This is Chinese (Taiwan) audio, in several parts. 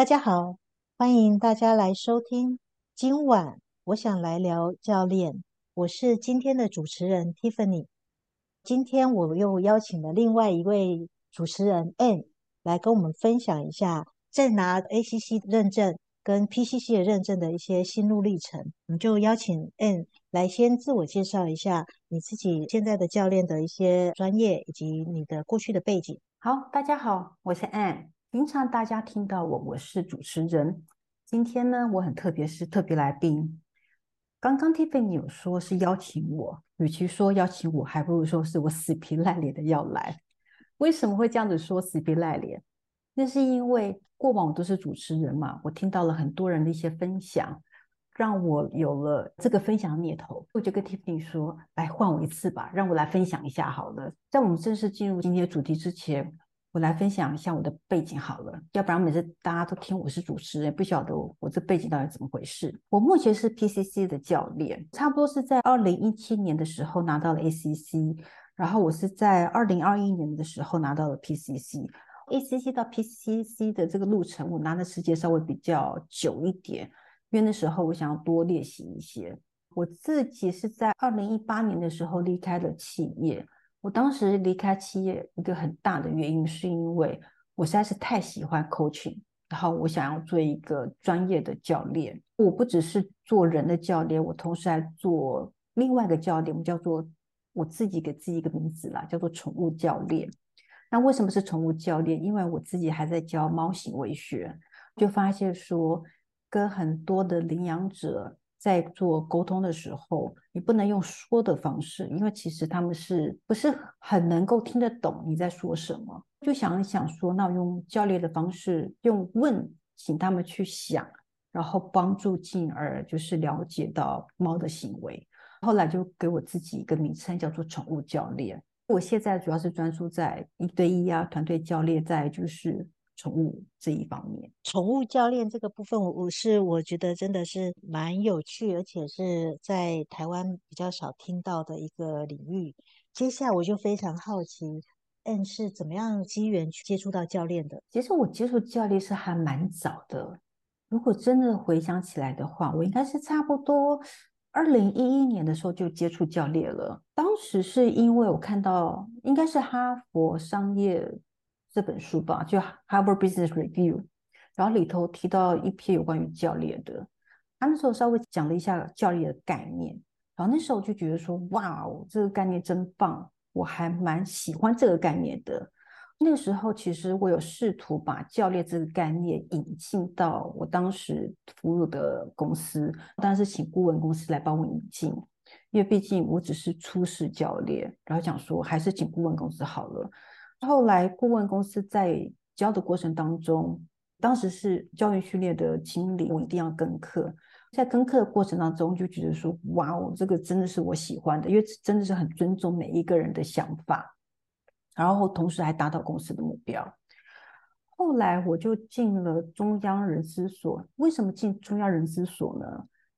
大家好，歡迎大家來收聽。今晚我想來聊教練，我是今天的主持人 Tiffany。今天我又邀請了另外一位主持人 Ann 來跟我們分享一下在拿 ACC 認證跟 PCC 的認證的一些心路歷程。我們就邀請 Ann 來先自我介紹一下你自己現在的教練的一些專業以及你的過去的背景。好，大家好，我是 Ann。平常大家聽到我，我是主持人。今天呢，我很特別，是特別來賓。剛剛 Tiffany 有說是邀請我，與其說邀請我，還不如說是我死皮賴臉的要來。為什麼會這樣子說死皮賴臉？那是因為過往我都是主持人嘛，我聽到了很多人的一些分享，讓我有了這個分享的念頭。我就跟 Tiffany 說：“來換我一次吧，讓我來分享一下好了。”在我們正式進入今天的主題之前。我來分享一下我的背景好了，要不然每次大家都聽我是主持人，不曉得我，我這背景到底怎麼回事。我目前是 PCC 的教練，差不多是在二零一七年的時候拿到了 ACC，然後我是在二零二一年的時候拿到了 PCC。ACC 到 PCC 的這個路程，我拿的時間稍微比較久一點，因為那時候我想要多練習一些。我自己是在二零一八年的時候離開了企業。我當時離開企業一個很大的原因，是因為我實在是太喜歡 coaching，然後我想要做一個專業的教練。我不只是做人的教練，我同時還做另外一個教練，我們叫做，我自己給自己一個名字啦，叫做寵物教練。那為什麼是寵物教練？因為我自己還在教貓行為學，就發現說跟很多的領養者。在做溝通的時候，你不能用說的方式，因為其實他們是不是很能夠聽得懂你在說什麼？就想一想說，那我用教練的方式，用問，請他們去想，然後幫助，進而就是了解到貓的行為。後來就給我自己一個名稱，叫做寵物教練。我現在主要是專注在一對一啊，團隊教練，在就是。寵物這一方面，寵物教練這個部分，我是我覺得真的是蠻有趣，而且是在台灣比較少聽到的一個領域。接下來我就非常好奇，嗯，是怎麼樣機緣去接觸到教練的？其實我接觸教練是還蠻早的，如果真的回想起來的話，我應該是差不多二零一一年的時候就接觸教練了。當時是因為我看到，應該是哈佛商業。這本書吧，就《Harvard Business Review》，然後裡頭提到一篇有關於教練的，他、啊、那時候稍微講了一下教練的概念，然後那時候我就覺得說，哇，這個概念真棒，我還蠻喜歡這個概念的。那個時候其實我有試圖把教練這個概念引進到我當時服務的公司，但是請顧問公司來幫我引進，因為畢竟我只是初試教練，然後講說還是請顧問公司好了。後來，顧問公司在教的過程當中，當時是教育訓練的經理，我一定要跟課。在跟課的過程當中，就覺得說，哇，哦，這個真的是我喜歡的，因為真的是很尊重每一個人的想法，然後同時還達到公司的目標。後來我就進了中央人資所。為什麼進中央人資所呢？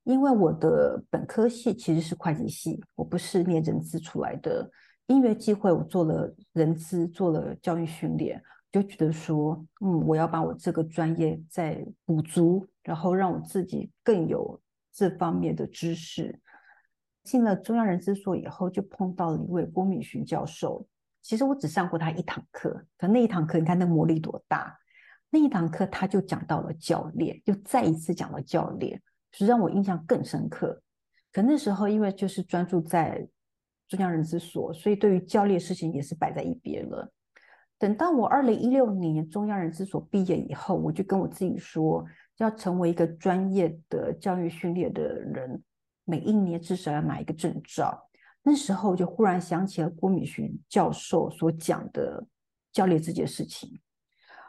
因為我的本科系其實是會計系，我不是念人資出來的。音樂機會，我做了人資，做了教育訓練，就覺得說，嗯，我要把我這個專業再補足，然後讓我自己更有這方面的知識。進了中央人資所以後，就碰到了一位郭敏勳教授。其實我只上過他一堂課，可那一堂課，你看那魔力多大！那一堂課他就講到了教練，就再一次講了教練，是讓我印象更深刻。可那時候因為就是專注在。中央人資所，所以對於教練事情也是擺在一邊了。等到我二零一六年中央人資所畢業以後，我就跟我自己說，要成為一個專業的教育訓練的人，每一年至少要買一個證照。那時候我就忽然想起了郭米尋教授所講的教練這件事情，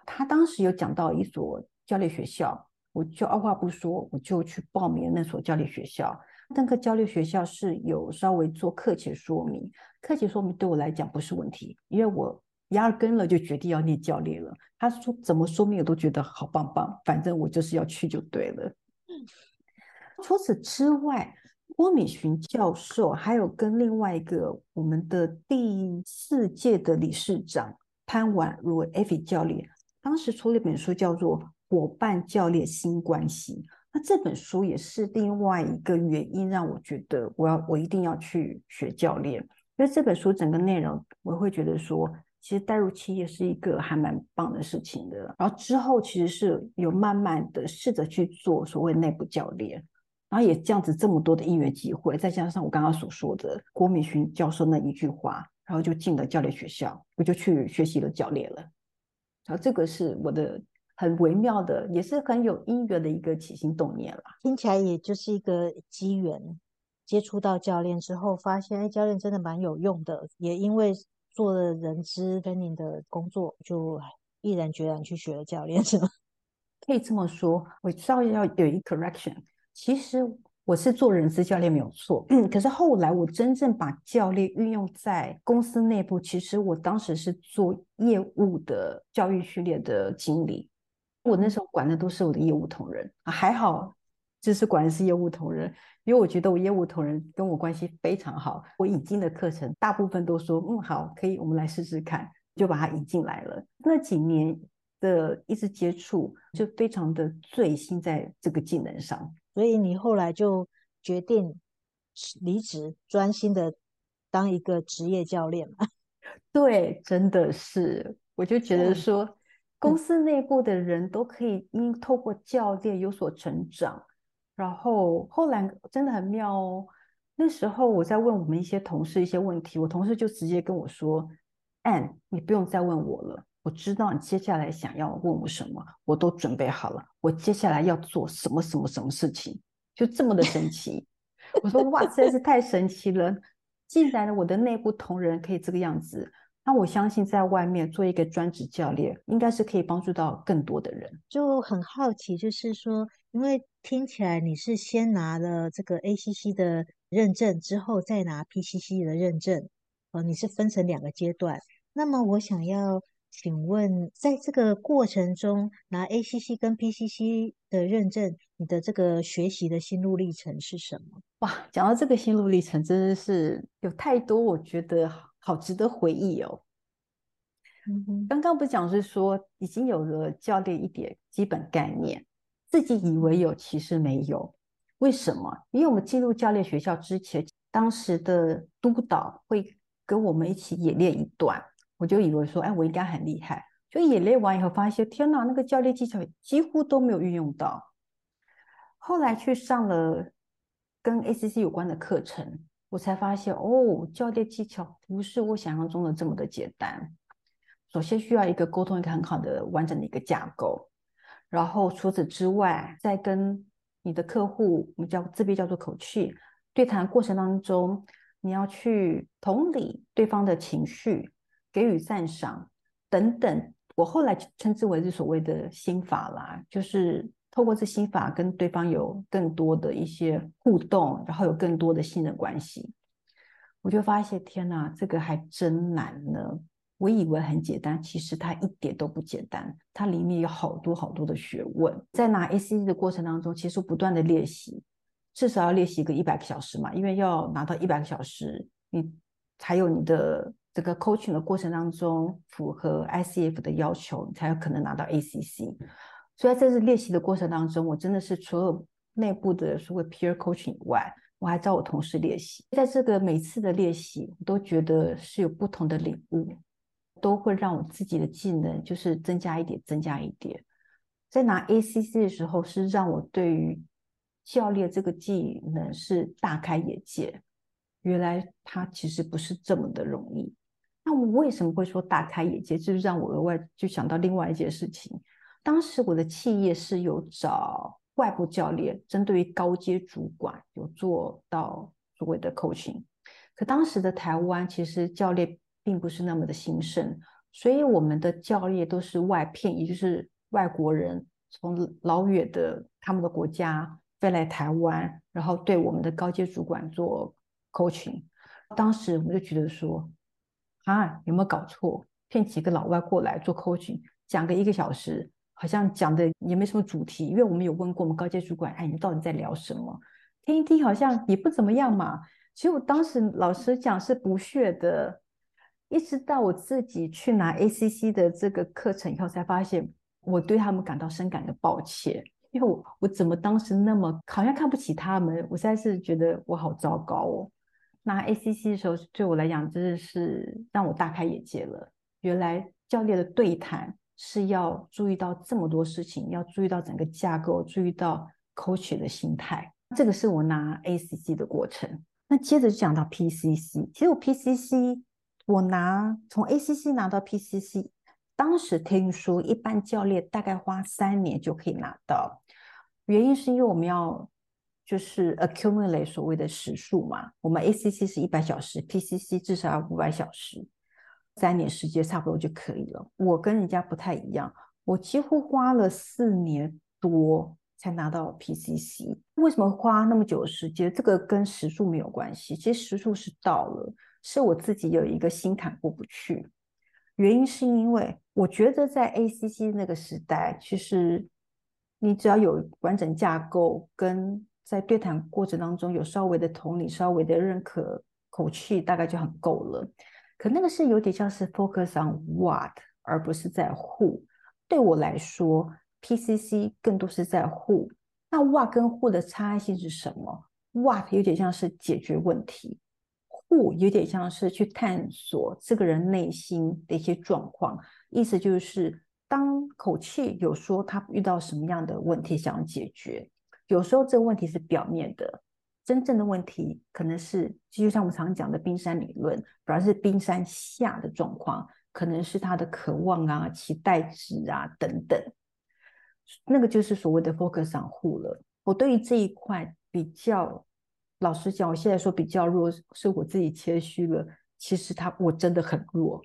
他當時有講到一所教練學校，我就二話不說，我就去報名那所教練學校。鄧克交流學校是有稍微做課前說明，課前說明對我來講不是問題，因為我壓根了就決定要念教練了。他說怎麼說明我都覺得好棒棒，反正我就是要去就對了。嗯、除此之外，郭敏尋教授還有跟另外一個我們的第四屆的理事長潘婉如 v 菲教練，當時出了一本書叫做《伙伴教練新關係》。那這本書也是另外一個原因讓我覺得我要我一定要去學教練，因為這本書整個內容我會覺得說，其實帶入企業是一個還蠻棒的事情的。然後之後其實是有慢慢的試着去做所謂內部教練，然後也這樣子這麼多的音樂機會，再加上我剛剛所說的郭敏尋教授那一句話，然後就進了教練學校，我就去學習了教練了。然後這個是我的。很微妙的，也是很有因緣的一個起心動念啦。聽起來也就是一個機緣，接觸到教練之後，發現哎，教練真的蠻有用的。也因為做了人資跟你的工作，就毅然決然去學了教練，是嗎？可以這麼說，我稍微要有一點 correction。其實我是做人資教練沒有錯，嗯，可是後來我真正把教練運用在公司內部。其實我當時是做業務的教育訓練的經理。我那時候管的都是我的業務同仁啊，還好，就是管的是業務同仁，因為我覺得我業務同仁跟我關係非常好，我引進的課程大部分都說嗯，好可以，我們來試試看，就把它引進來了。那幾年的一直接觸就非常的醉心在這個技能上，所以你後來就決定離職，專心的當一個職業教練嘛？對，真的是，我就覺得說。公司內部的人都可以因透過教練有所成長，然後後來真的很妙哦。那時候我在問我們一些同事一些問題，我同事就直接跟我說 “Ann，你不用再問我了，我知道你接下來想要問我什麼，我都準備好了。我接下來要做什麼什麼什麼事情，就這麼的神奇。”我說：“哇，實在是太神奇了！竟然我的內部同仁可以這個樣子。”那我相信，在外面做一個專職教練，應該是可以幫助到更多的人。就很好奇，就是說，因為聽起來你是先拿了這個 ACC 的認證，之後再拿 PCC 的認證，哦，你是分成兩個階段。那麼，我想要請問，在這個過程中拿 ACC 跟 PCC 的認證，你的這個學習的心路歷程是什麼？哇，講到這個心路歷程，真的是有太多，我覺得。好值得回憶哦。嗯、哼剛剛不是講是說，已經有了教練一點基本概念，自己以為有，其實沒有。為什麼？因為我們進入教練學校之前，當時的督導會跟我們一起演練一段，我就以為說，哎，我應該很厲害。就演練完以後，發現天哪，那個教練技巧幾乎都沒有運用到。後來去上了跟 ACC 有關的課程。我才發現，哦，教練技巧不是我想象中的這麼的簡單。首先需要一個溝通，一個很好的、完整的一個架構。然後除此之外，在跟你的客戶，我們叫自閉叫做口氣對談過程當中，你要去同理對方的情緒，給予讚賞等等。我後來稱之為是所謂的心法啦，就是。透過這心法跟對方有更多的一些互動，然後有更多的信任關係，我就發現天哪，這個還真難呢。我以為很簡單，其實它一點都不簡單，它裡面有好多好多的學問。在拿 ACC 的過程當中，其實不斷的練習，至少要練習一個一百個小時嘛，因為要拿到一百個小時，你、嗯、才有你的這個 coaching 的過程當中符合 ICF 的要求，你才有可能拿到 ACC。所以在這次練習的過程當中，我真的是除了內部的所謂 peer coaching 以外，我還找我同事練習。在這個每次的練習，我都覺得是有不同的領悟，都會讓我自己的技能就是增加一點，增加一點。在拿 ACC 的時候，是讓我對於教練這個技能是大開眼界，原來它其實不是這麼的容易。那我為什麼會說大開眼界？就是讓我額外就想到另外一件事情。當時我的企業是有找外部教練，針對於高階主管有做到所謂的 coaching。可當時的台灣其實教練並不是那麼的興盛，所以我們的教練都是外聘，也就是外國人從老遠的他們的國家飛來台灣，然後對我們的高階主管做 coaching。當時我們就覺得說，啊，有沒有搞錯？聘幾個老外過來做 coaching，講個一個小時。好像講的也沒什麼主題，因為我們有問過我們高階主管，哎，你們到底在聊什麼？聽一聽好像也不怎麼樣嘛。其實我當時老實講是不屑的，一直到我自己去拿 ACC 的這個課程以後，才發現我對他們感到深感的抱歉，因為我我怎麼當時那麼好像看不起他們？我現在是覺得我好糟糕哦。拿 ACC 的時候，對我來講真、就、的是讓我大開眼界了，原來教練的對談。是要注意到這麼多事情，要注意到整個架構，注意到 coach 的心態。這個是我拿 ACC 的過程。那接着就講到 PCC，其實我 PCC 我拿從 ACC 拿到 PCC，當時聽說一般教練大概花三年就可以拿到。原因是因為我們要就是 accumulate 所謂的時數嘛。我們 ACC 是一百小時，PCC 至少要五百小時。三年時間差不多就可以了。我跟人家不太一樣，我幾乎花了四年多才拿到 PCC。為什麼花那麼久的時間？這個跟時數沒有關係，其實時數是到了，是我自己有一個心坎過不去。原因是因為我覺得在 ACC 那個時代，其實你只要有完整架構，跟在對談過程當中有稍微的同理、稍微的認可，口氣大概就很夠了。可那個是有點像是 focus on what，而不是在 who。對我來說，PCC 更多是在 who。那 what 跟 who 的差異是什麼？What 有點像是解決問題，Who 有點像是去探索這個人內心的一些狀況。意思就是，當口氣有說他遇到什麼樣的問題想要解決，有時候這個問題是表面的。真正的問題可能是，就像我們常講的冰山理論，反而是冰山下的狀況，可能是他的渴望啊、期待值啊等等，那個就是所謂的 focus 戶了。我對於這一塊比較，老實講，我現在說比較弱，是我自己謙虛了。其實他我真的很弱，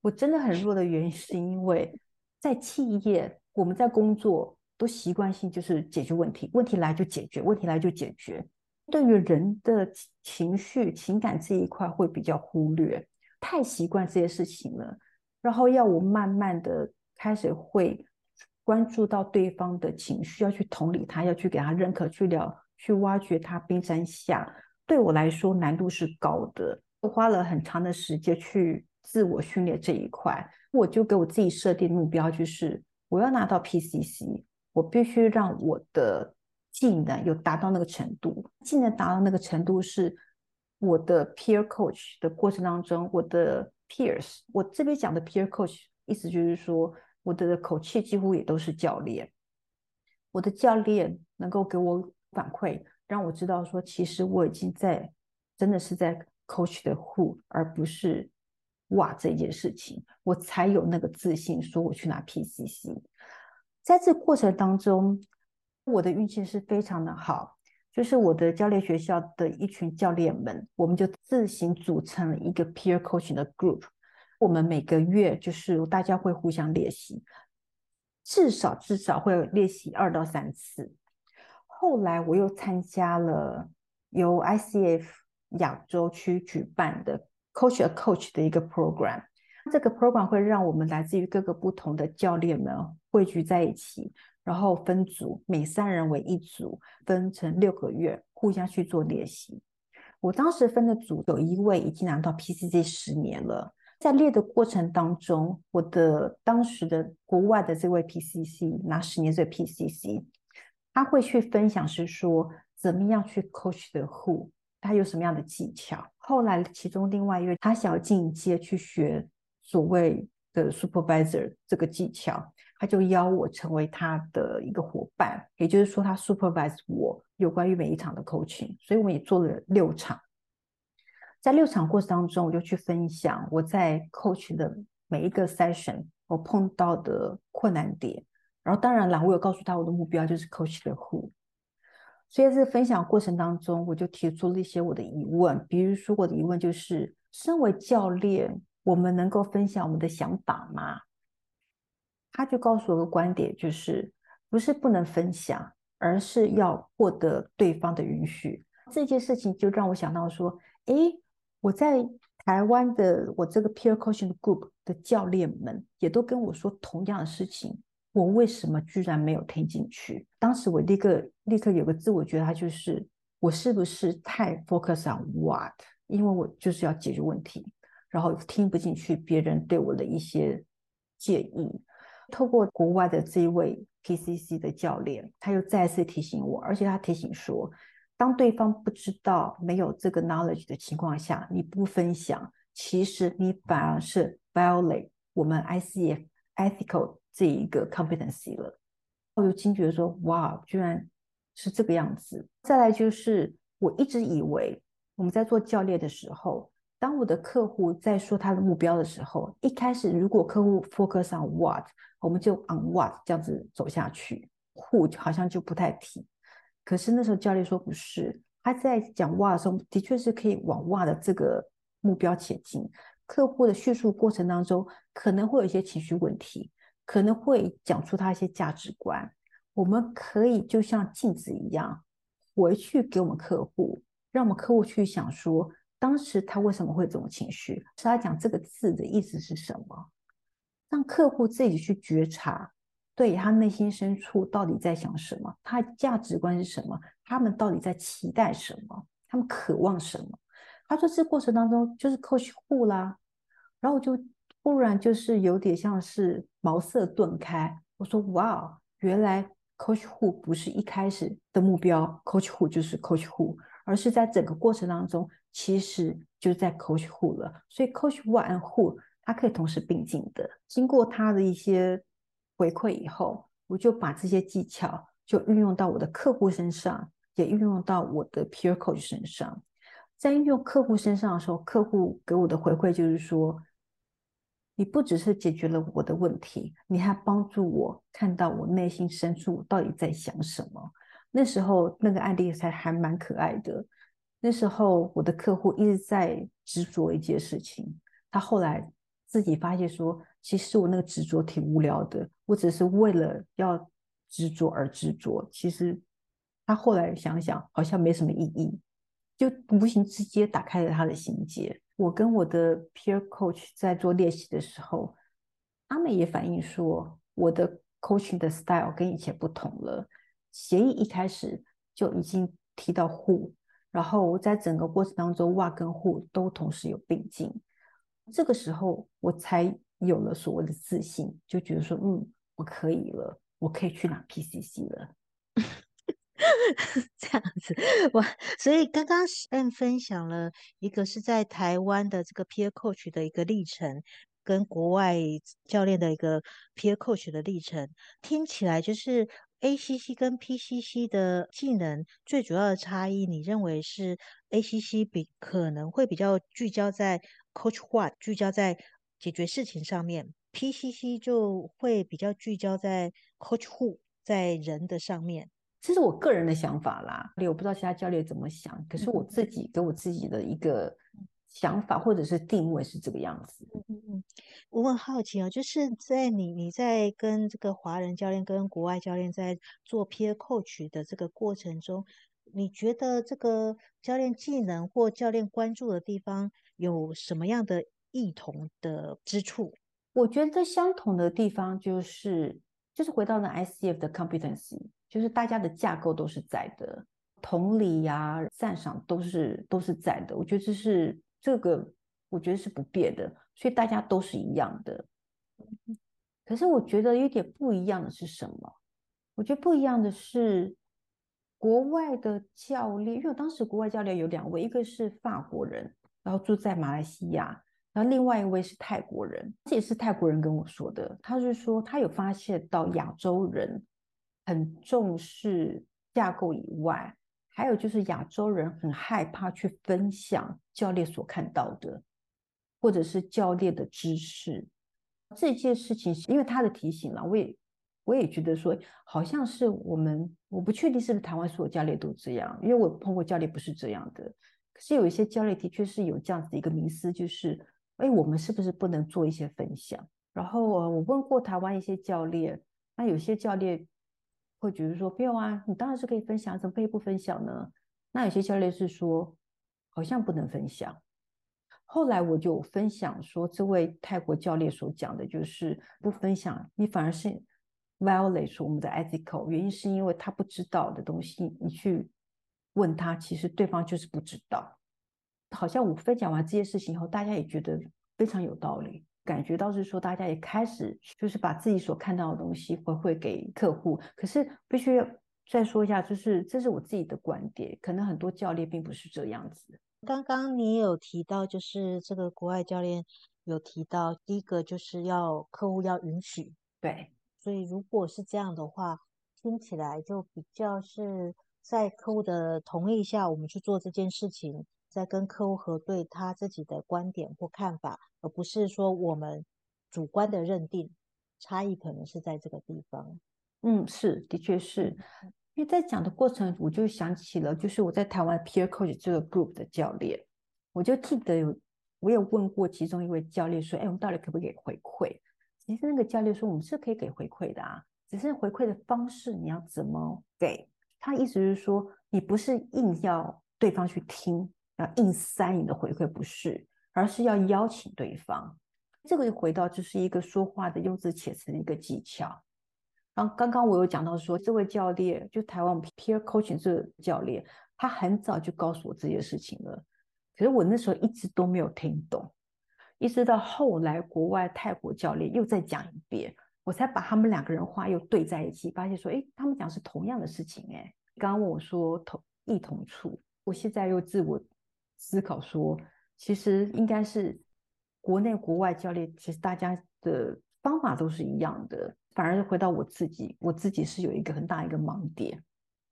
我真的很弱的原因是因為在企業，我們在工作都習慣性就是解決問題，問題來就解決，問題來就解決。對於人的情緒、情感這一塊會比較忽略，太習慣這些事情了。然後要我慢慢的開始會關注到對方的情緒，要去同理他，要去給他認可，去聊，去挖掘他冰山下。對我來說難度是高的，我花了很長的時間去自我訓練這一塊。我就給我自己設定的目標，就是我要拿到 PCC，我必須讓我的。技能有達到那個程度，技能達到那個程度，是我的 peer coach 的過程當中，我的 peers，我這邊講的 peer coach，意思就是說，我的口氣幾乎也都是教練，我的教練能夠給我反饋，讓我知道說，其實我已經在，真的是在 coach 的 who，而不是 what 這件事情，我才有那個自信，說我去拿 PCC，在這過程當中，我的運氣是非常的好，就是我的教練學校的一群教練們，我們就自行組成了一個 peer coaching 的 group。我們每個月就是大家會互相練習，至少至少會練習二到三次。後來我又參加了由 ICF 亞洲區舉辦的 Coach a Coach 的一個 program。這個 program 會讓我們來自於各個不同的教練們匯聚在一起。然後分組，每三人為一組，分成六個月，互相去做練習。我當時分的組有一位已經拿到 PCC 十年了，在練的過程當中，我的當時的國外的這位 PCC 拿十年這位 PCC，他會去分享是說怎麼樣去 coach the who，他有什麼樣的技巧。後來其中另外一位他想要進一階去學所謂的 supervisor 這個技巧。他就邀我成為他的一個夥伴，也就是說他 supervise 我有關於每一場的 coaching，所以我也做了六場。在六場過程當中，我就去分享我在 coach 的每一個 session 我碰到的困難點，然後當然了，我有告訴他我的目標就是 coach 的 who。所以，在這分享過程當中，我就提出了一些我的疑問，比如說我的疑問就是：身為教練，我們能夠分享我們的想法嗎？他就告訴我個觀點，就是不是不能分享，而是要獲得對方的允許。這件事情就讓我想到說，哎，我在台灣的我這個 peer coaching group 的教練們也都跟我說同樣的事情，我為什麼居然沒有聽進去？當時我立刻立刻有個自我覺察，就是我是不是太 focus on what？因為我就是要解決問題，然後聽不進去別人對我的一些建議。透過國外的這一位 PCC 的教練，他又再次提醒我，而且他提醒說，當對方不知道、沒有這個 knowledge 的情況下，你不分享，其實你反而是 violate 我們 ICF ethical 這一個 competency 了。我就驚覺說，哇，居然是這個樣子。再來就是，我一直以為我們在做教練的時候，當我的客戶在說他的目標的時候，一開始如果客戶 focus on what，我們就 on what 這樣子走下去，who 好像就不太提。可是那時候教練說不是，他在講 what 的時候，的確是可以往 what 的這個目標前進。客戶的敘述過程當中，可能會有一些情緒問題，可能會講出他一些價值觀。我們可以就像鏡子一樣，回去給我們客戶，讓我們客戶去想說。當時他為什麼會有這種情緒？是他講這個字的意思是什麼？讓客戶自己去覺察，對他內心深處到底在想什麼，他的價值觀是什麼？他們到底在期待什麼？他們渴望什麼？他說這過程當中就是 coach who 啦，然後我就忽然就是有點像是茅塞頓開。我說哇，原來 coach who 不是一開始的目標，coach who 就是 coach who，而是在整個過程當中。其實就是在 coach who 了，所以 coach why and who 它可以同時並進的。經過他的一些回饋以後，我就把這些技巧就運用到我的客戶身上，也運用到我的 peer coach 身上。在運用客戶身上的時候，客戶給我的回饋就是說，你不只是解決了我的問題，你還幫助我看到我內心深處我到底在想什麼。那時候那個案例才還，還蠻可愛的。那時候我的客戶一直在執着一件事情，他後來自己發現說，其實我那個執着挺無聊的，我只是為了要執着而執着。其實他後來想想，好像沒什麼意義，就無形之間打開了他的心結。我跟我的 peer coach 在做練習的時候，他們也反映說，我的 coaching 的 style 跟以前不同了。協議一開始就已經提到護。然後我在整個過程當中，挖跟護都同時有併進，這個時候我才有了所謂的自信，就覺得說，嗯，我可以了，我可以去拿 PCC 了。 這樣子，我所以剛剛分享了一個是在台灣的這個 peer coach 的一個歷程，跟國外教練的一個 peer coach 的歷程，聽起來就是。A C C 跟 P C C 的技能最主要的差異，你認為是 A C C 比可能會比較聚焦在 Coach what，聚焦在解決事情上面；P C C 就會比較聚焦在 Coach Who，在人的上面。這是我個人的想法啦，我不知道其他教練怎麼想，可是我自己給我自己的一個。想法或者是定位是這個樣子。嗯嗯嗯，我很好奇啊、哦，就是在你你在跟這個華人教練跟國外教練在做 peer coach 的這個過程中，你覺得這個教練技能或教練關注的地方有什麼樣的異同的之處？我覺得相同的地方就是就是回到了 ICF 的 competency，就是大家的架構都是在的，同理呀、啊，讚賞都是都是在的。我覺得這是。這個我覺得是不變的，所以大家都是一樣的。可是我覺得有點不一樣的是什麼？我覺得不一樣的是國外的教練，因為我當時國外教練有兩位，一個是法國人，然後住在馬來西亞，然後另外一位是泰國人，這也是泰國人跟我說的。他是說他有發現到亞洲人很重視架構以外。還有就是亞洲人很害怕去分享教練所看到的，或者是教練的知識。這件事情，因為他的提醒嘛，我也我也覺得說，好像是我們，我不確定是不是台灣所有教練都這樣，因為我碰過教練不是這樣的。可是有一些教練的確是有這樣子的一個迷思，就是哎，我們是不是不能做一些分享？然後我問過台灣一些教練，那有些教練。會覺得說沒有啊，你當然是可以分享，怎麼可以不分享呢？那有些教練是說好像不能分享。後來我就分享說，這位泰國教練所講的就是不分享，你反而是 violate 我們的 ethical。原因是因為他不知道的東西，你去問他，其實對方就是不知道。好像我分享完這些事情以後，大家也覺得非常有道理。感覺到是說，大家也開始就是把自己所看到的東西回饋給客戶。可是，必須要再說一下，就是這是我自己的觀點，可能很多教練並不是這樣子。剛剛你也有提到，就是這個國外教練有提到，第一個就是要客戶要允許。對，所以如果是這樣的話，聽起來就比較是在客戶的同意下，我們去做這件事情。在跟客戶核對他自己的觀點或看法，而不是說我們主觀的認定，差異可能是在這個地方。嗯，是，的確是。因為在講的過程，我就想起了，就是我在台灣 Peer Coach 這個 group 的教練，我就記得有，我有問過其中一位教練說：“哎，我們到底可不可以回饋？”其實那個教練說：“我們是可以給回饋的啊，只是回饋的方式你要怎麼給。”他意思是說，你不是硬要對方去聽。要硬塞你的回饋，不是，而是要邀請對方。這個一回到，就是一個說話的用字遣詞的一個技巧。然後剛剛我有講到說，這位教練就台灣 peer coaching 這個教練，他很早就告訴我這件事情了。可是我那時候一直都沒有聽懂，一直到後來國外泰國教練又再講一遍，我才把他們兩個人話又對在一起，發現說，哎，他們講是同樣的事情。欸。哎，剛剛問我說同異同處，我現在又自我。思考說，其實應該是國內國外教練，其實大家的方法都是一樣的。反而是回到我自己，我自己是有一個很大一個盲點，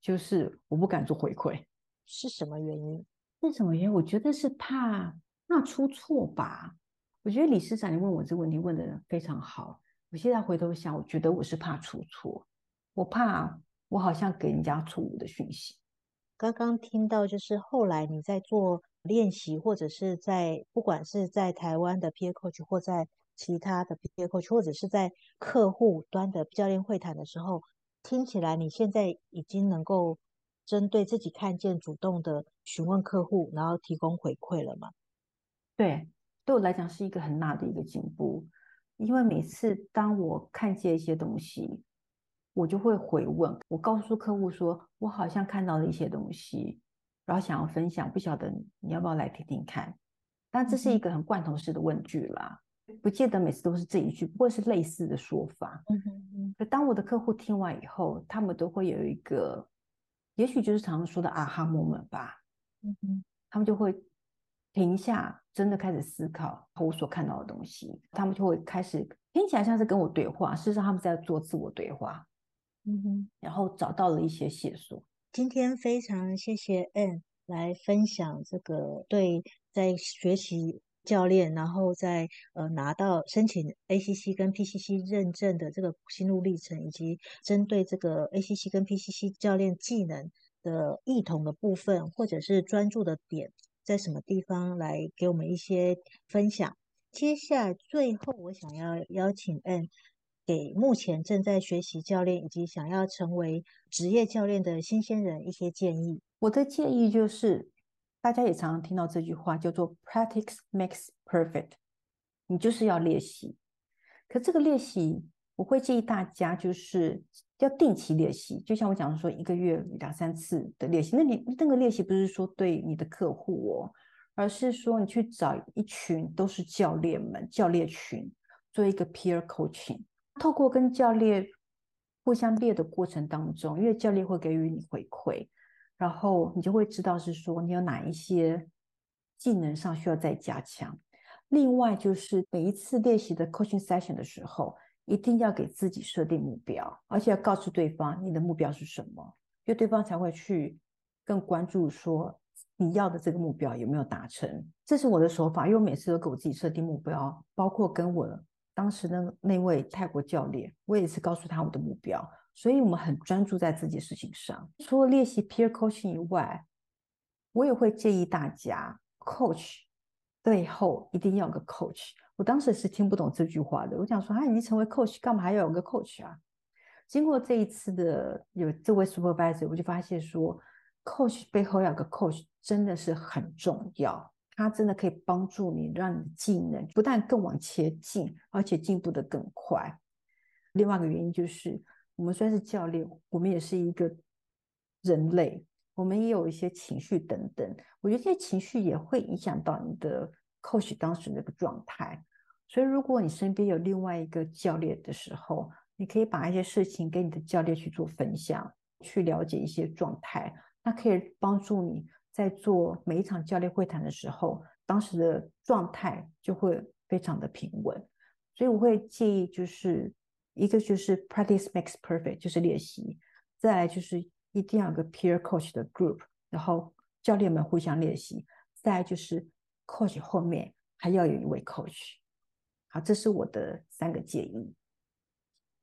就是我不敢做回饋，是什麼原因？是什麼原因？我覺得是怕那出錯吧。我覺得理事長，你問我這個問題問得非常好。我現在回頭想，我覺得我是怕出錯，我怕我好像給人家錯誤的訊息。剛剛聽到就是後來你在做。練習或者是在不管是在台灣的 peer coach 或在其他的 peer coach，或者是在客戶端的教練會談的時候，聽起來你現在已經能夠針對自己看見，主動的詢問客戶，然後提供回饋了嗎？對，對我來講是一個很大的一個進步，因為每次當我看見一些東西，我就會回問我告訴客戶說我好像看到了一些東西。然後想要分享，不曉得你要不要來聽聽看。但這是一個很罐頭式的問句啦，不見得每次都是這一句，不過是類似的說法。嗯嗯，當我的客戶聽完以後，他們都會有一個，也許就是常常說的“啊哈” moment 吧。嗯、哼他們就會停下，真的開始思考我所看到的東西。他們就會開始聽起來像是跟我對話，事實上他們在做自我對話。嗯、哼然後找到了一些線索。今天非常謝謝 Ann 來分享這個對在學習教練，然後在呃拿到申請 ACC 跟 PCC 認證的這個心路歷程，以及針對這個 ACC 跟 PCC 教練技能的異同的部分，或者是專注的點在什麼地方，來給我們一些分享。接下來最後我想要邀請 Ann。給目前正在學習教練以及想要成為職業教練的新鮮人一些建議。我的建議就是，大家也常常聽到這句話，叫做 “practice makes perfect”，你就是要練習。可這個練習，我會建議大家就是要定期練習。就像我講的說，一個月兩三次的練習。那你那個練習不是說對你的客戶哦，而是說你去找一群都是教練們，教練群，做一個 peer coaching。透過跟教練互相練的過程當中，因為教練會給予你回饋，然後你就會知道是說你有哪一些技能上需要再加強。另外就是每一次練習的 coaching session 的時候，一定要給自己設定目標，而且要告訴對方你的目標是什麼，因為對方才會去更關注說你要的這個目標有沒有達成。這是我的手法，因為我每次都給我自己設定目標，包括跟我。當時的那位泰國教練，我也是告訴他我的目標，所以我們很專注在自己事情上。除了練習 peer coaching 以外，我也會建議大家，coach 背後一定要有個 coach。我當時是聽不懂這句話的，我想說：“哎，你成為 coach，幹嘛還要有個 coach 啊？”經過這一次的有這位 supervisor，我就發現說，coach 背後要有個 coach，真的是很重要。它真的可以幫助你，讓你的技能不但更往前進，而且進步得更快。另外一個原因就是，我們雖然是教練，我們也是一個人類，我們也有一些情緒等等。我覺得這些情緒也會影響到你的 coach 當時那個狀態。所以，如果你身邊有另外一個教練的時候，你可以把一些事情跟你的教練去做分享，去了解一些狀態，那可以幫助你。在做每一場教練會談的時候，當時的狀態就會非常的平穩，所以我會建議，就是一個就是 practice makes perfect，就是練習，再來就是一定要有個 peer coach 的 group，然後教練們互相練習，再來就是 coach 後面還要有一位 coach，好，這是我的三個建議。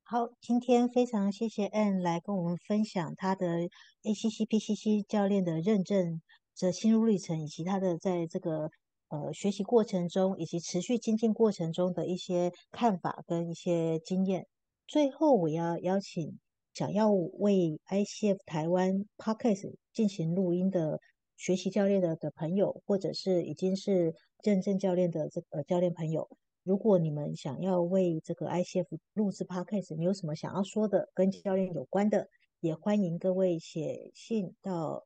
好，今天非常謝謝 Ann 來跟我們分享她的 ACC PCC 教練的認證。這心路歷程，以及他的在這個呃學習過程中，以及持續精進過程中的一些看法跟一些經驗。最後，我要邀請想要為 ICF 台灣 Podcast 進行錄音的學習教練的的朋友，或者是已經是認證教練的這個、呃、教練朋友，如果你們想要為這個 ICF 錄製 Podcast，你有什麼想要說的跟教練有關的，也歡迎各位寫信到。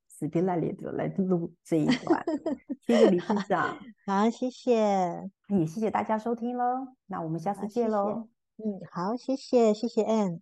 死皮賴臉的來錄這一段， 謝謝理事長，好，好，謝謝，也謝謝大家收聽嘍，那我們下次見嘍，謝謝，嗯，好，謝謝，謝謝 Ann。